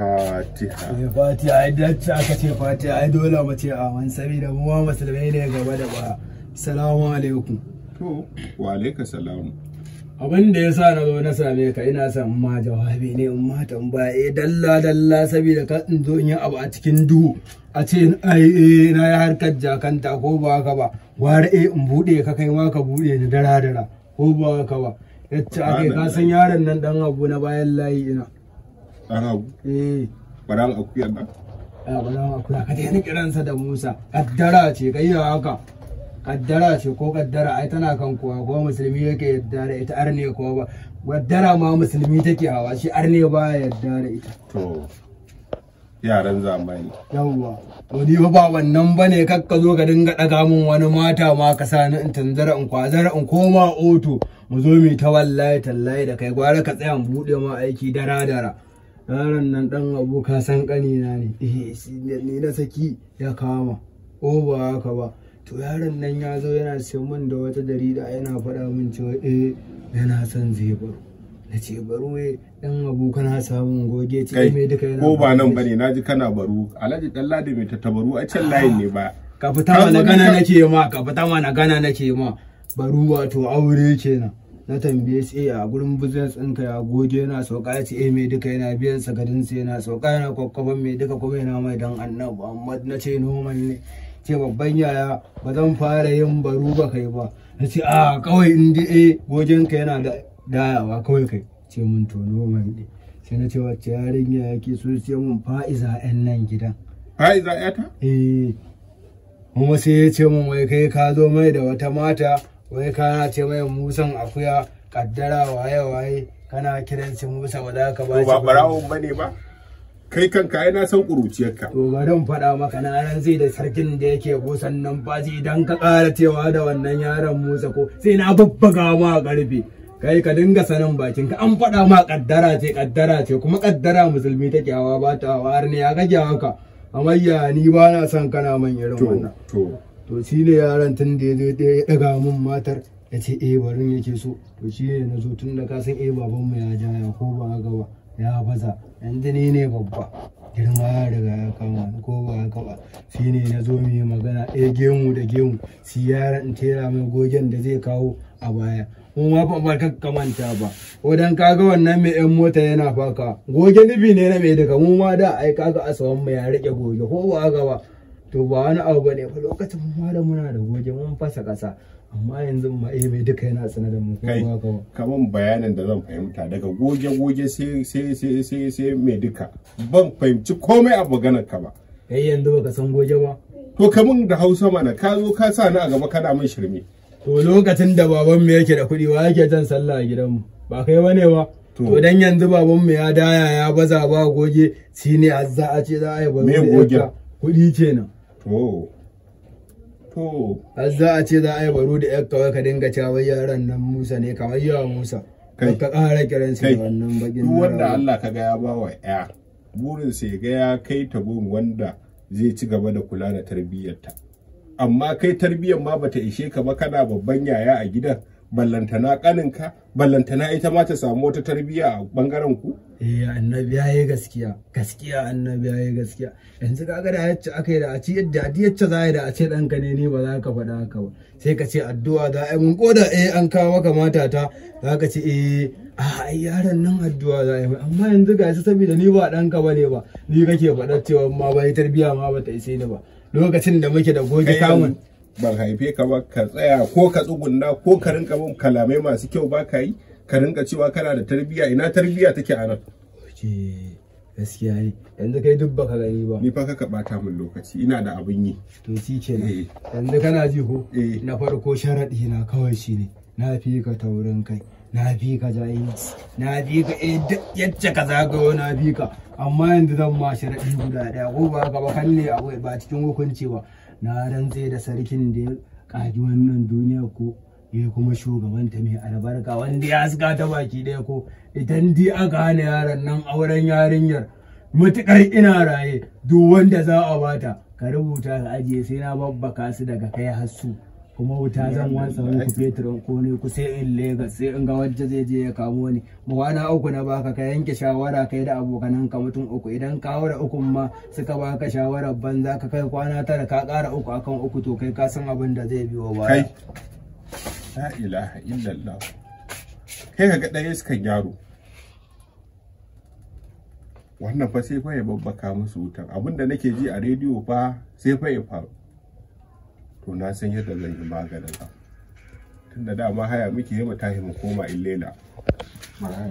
fatiha ya fatiha ai ce aka ce fatiha ai dole mu ce amin saboda mu ma musulmai ne gaba da ba assalamu alaikum to wa alaikum salam abin da yasa na zo na same ka ina son ma jawabi ne in ma tambaya eh, dalla dalla saboda ka in zo in yi abu a cikin duhu a ce ai eh, na yi harkar jakanta ko ba ka ba ware eh, in bude ka kai ma ka bude da dara dara ko ba ka ba yacce ake ka san yaron nan dan abu na bayan layi ina ɗan hagu eh. ɓaran akuya ba a ah, akuya ka daina kiransa da musa kaddara ce kai ya haka kaddara ce ko kaddara ai tana kan kowa ko musulmi yake yadda da ita arne ko ba kaddara ma musulmi take hawa shi arne ba yadda da ita to yaran zamani yawwa to ni ba wannan bane kakka zo ka dinga daga min wani mata ma ka sa ni in tanzara in kwazara in koma oto mu zo mu ta wallahi tallahi da kai gwara ka tsaya mu bude ma aiki dara dara yaron nan dan abu ka san kanina eh, ne ni na saki ya kama o ba haka ba to yaron nan ya zo yana siyan min da wata jarida yana faɗa min cewa eh yana son zai baro na ce baro eh dan abu kana samun goge ce mai duka yana ko ba nan bane naji kana baro alhaji dan ladi mai tabaru a can layin ne ba ka fita mana gana nake ma ka fita mana gana nake ma baro wato aure kenan na tambaye shi eh, a gurin business ɗinka ya goge yana sauka ya ce eh mai duka yana biyan sakadin sai yana sauka yana kokkofan mai duka kuma yana mai dan annabi amma na ce noman ne ce babban yaya ba zan fara yin baro ba kai ba na ce a kawai in dai eh gogenka yana da dayawa kawai kai ce mun to noman ne sai na ce wacce yarinya yake so ce mun fa'iza yan nan gidan fa'iza ta eh kuma sai ya ce mun wai kai ka zo mai da wata mata wai kana ce mai musan akuya kaddara waye waye kana kiran musa ba za ka ba ba barawon bane ba kai kanka ai na san ƙuruciyarka. To bari in faɗa maka na ran zai da sarkin da yake gosan nan zai idan ka kara cewa da wannan yaron Musa ko sai na babbaga ma karfe Kai ka dinga sanin bakin ka an faɗa ma kaddara ce kaddara ce kuma ƙaddara musulmi take kyawa ba ta har ne ya kake haka. Amayya ni ba na son kana man irin wannan. To to shi ne yaran tun da ya zo ya daga min matar ya ce eh barin yake so to shi ne na zo tun da ka san eh babanmu ya ja ya ko ba gaba ya baza yanzu ni ne babba girma ya riga ya kama ko ba ga ba shi ne na zo mu yi magana ɗaya eh, gemu da gemu shi yaran tera mai gogen da zai kawo a baya mu ma ba ba ka manta ba dan kaga wannan mai yan mota yana faka goge nufi ne na mai daga mu ma da ai kaga asawan mu ya rike goge ko ba ga ba to ba wani abu bane fa lokacin ma da muna da goje mun fasa kasa amma yanzu ma eh mai duka yana sanar da mu kai kaman bayanin da zan fahimta daga goje goje sai sai sai sai sai mai duka ban fahimci komai a maganar ka ba kai yanzu baka san goje ba to kaman da Hausa mana ka zo ka sa ni a gaba kana min shirme to lokacin da baban mu yake da kuɗi wa yake jan sallah a gidanmu ba kai bane ba to dan yanzu baban mu ya daya ya baza ba goje shine azza a ce za a yi ba goje kuɗi kenan to to har za a ce za a yi baro da yar kawai ka dinga cewa yaran nan musa ne kamar yawa musa kai ka ƙara kiran sa wannan bakin duk wanda Allah ka ga ya ba wa ya burin sa ga ya kai ta goma wanda zai ci gaba da kula da tarbiyyarta amma kai tarbiyyar ma bata ishe ka ba kana babban yaya a gidan ballantana kaninka ballantana ita ma ta samu wata tarbiyya a bangaren ku eh annabi ya yi gaskiya gaskiya annabi ya yi gaskiya yanzu kaga da yacce akai da a ci yadda a yacce za yi da a ce dan ka ne ne ba za ka faɗa haka ba sai ka ce addu'a za a mun koda eh an kawo maka mata ta za ka ce eh a ai yaron nan addu'a za a yi amma yanzu ga shi saboda ni ba dan ka ne ba ni kake faɗa cewa ma bai tarbiyya ma ba ta isa ni ba lokacin da muke da goge kamun ban haife ka ba ka tsaya ko ka tsugunna ko ka rinka bin kalamai masu kyau ba ka yi ka rinka cewa kana da tarbiyya ina tarbiyya take a nan gaskiya ne yanzu kai duk baka gani ba ni fa ka bata min lokaci ina da abin yi to shi kenan eh. yanzu kana ji ko eh. na farko sharadi na kawai shi ne na fi ka taurin kai na fi ka jahilci na fi ka eh, yacce ka zagayo na fi ka amma yanzu zan ma sharadi guda daya ko ba ka ba kalle akwai ba cikin hukunci ba na rantse da sarkin da ya kaji wannan duniya ko ya kuma shugaban ta mai albarka wanda ya haska ta baki ɗaya ko idan di aka hana yaran nan auren yarinyar matukar ina raye duk wanda za a bata ka rubuta ka ajiye sai na babbaka su daga kai har kuma wuta zan wasa wani ku fetur ko ne ku sai in Legas sai in ga wajen zai je ya kamo ni mu wani uku na baka ka yanke shawara kai da abokanan ka mutum uku idan ka wara uku ma suka baka shawarar banza ka kai kwana tara ka kara uku akan uku to kai ka san abin da zai biyo ba kai la ilaha illallah kai ka ga ɗaya suka gyaro wannan fa sai fa ya babbaka musu wutan abinda nake ji a rediyo fa sai fa ya faru to na san yadda zan yi maganin ka tunda dama haya muke yi mu tashi mu koma illela mara